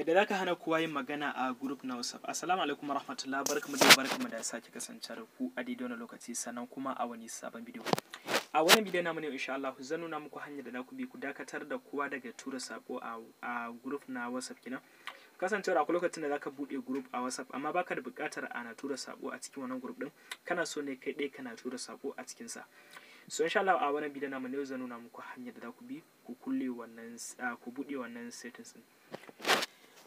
yadda za ka hana kowa yin magana a group na wasu assalamu alaikum barka barkamu da barkamu da sake kasance da ku a daidai wani lokaci sannan kuma a wani sabon bidiyo a wannan bidiyo namu ne insha Allah zan nuna muku hanyar da za ku bi ku dakatar da kowa daga tura sako a group na wasu kenan kasancewar akwai lokacin da zaka bude group a WhatsApp amma baka da buƙatar ana tura sako a cikin wannan group din kana so ne kai ɗaya kana tura sako a cikin sa so insha Allah a wannan bidiyo namu ne zan nuna muku hanyar da za ku bi ku kulle wannan ku bude wannan settings din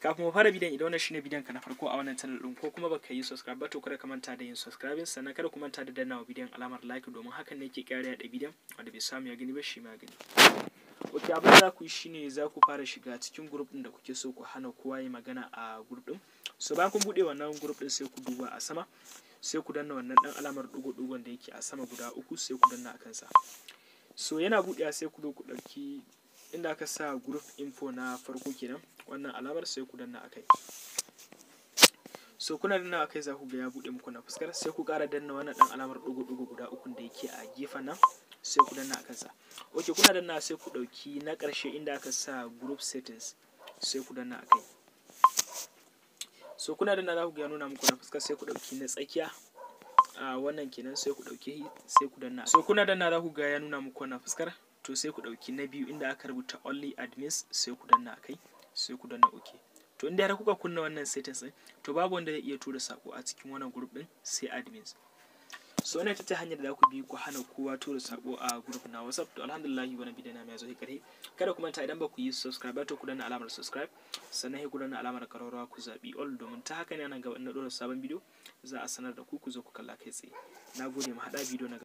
kafin mu fara bidiyon idan wannan shine bidiyon ka na farko a wannan channel din ko kuma baka yi subscribe ba to kada ka manta da yin subscribing sannan kada ku manta da danna wa bidiyon alamar like domin hakan ne ke kare da bidiyon wanda bai samu ya gani ba shi ma ya gani ok abin da za ku yi shine za ku fara shiga cikin group din da kuke so ku hana kowa yi magana a group din so bayan kun bude wannan group din sai ku duba a sama sai ku danna wannan dan alamar dugo-dugon da yake a sama guda uku sai ku danna a sa so yana buɗewa sai ku zo ku ɗauki inda aka sa group info na farko kenan wannan alamar sai ku danna akai so kuna danna akai za ku ga ya bude muku na fuskar sai ku kara danna wannan dan alamar ɗugu-ɗugu guda uku da yake a gefen nan sai ku danna akan sa ok kuna danna sai ku ɗauki na karshe inda aka sa group settings sai ku danna akai so kuna danna za ku ga nuna muku na fuskar sai ku ɗauki na tsakiya a wannan kenan sai ku ɗauke sai ku danna so kuna danna za ku ga ya nuna muku na fuskar to sai ku ɗauki na biyu inda aka rubuta only admins sai ku danna kai sai ku danna ok to inda har kuka kunna wannan settings din to babu wanda zai iya tura sako a cikin wannan group ɗin sai admins so wannan ita ta hanyar da ku bi ku hana kowa tura sako a group na WhatsApp to alhamdulillah wani bidiyo na mai zo kare kada ku manta idan ba ku yi subscribe to ku danna alamar subscribe sannan ku danna alamar ƙararrawa ku zabi all domin ta haka ne ana gaba na dora sabon bidiyo za a sanar da ku ku zo ku kalla kai tsaye nagode mu hada bidiyo na